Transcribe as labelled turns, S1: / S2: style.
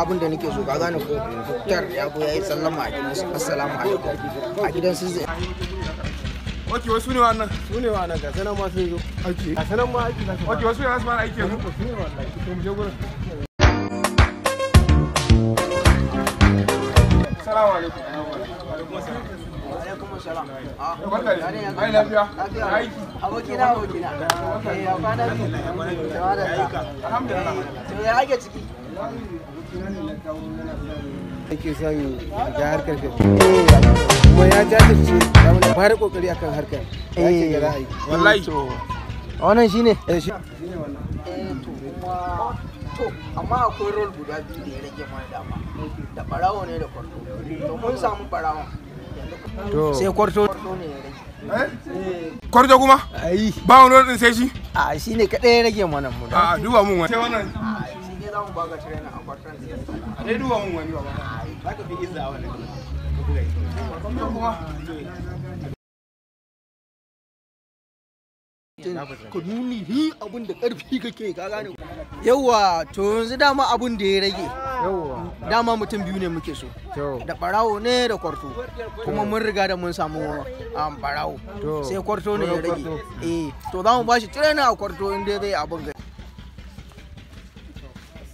S1: abin da nake so ga gane ko doktor ya go yayi sallama a gidansu assalamu alaikum a gidansu zai Ok, wasu ne wannan? Su ne wannan ga sanan ma sun zo. Aiki. Ga sanan ma aiki. Ok, wasu ne za su aiki yanzu? Su ne wannan. To mu je gurin. Assalamu alaikum. Alaikum assalam. Ah, barka da. Ai lafiya. Lafiya. Aiki. Abokina abokina. Eh, ya kwana biyu. Alhamdulillah. To ya ake ciki? yake son ga kuma ya jajirce wannan ne sai ne eh? Eh. kwarto shi a shine kadai ya rage mana mu a duba mun wani sai wannan kai za mu baka training a kwartar siyasa a dai duba mun wani baba za ka fi izza a wani kuma ka nuni ni abin da karfi kake ka gane yawa to yanzu dama abun da ya rage dama mutum biyu ne muke so da barawo ne da kwarto kuma mun riga da mun samu barawo um, sai kwarto ne ya rage eh to za mu bashi training a kwarto inda zai abin gari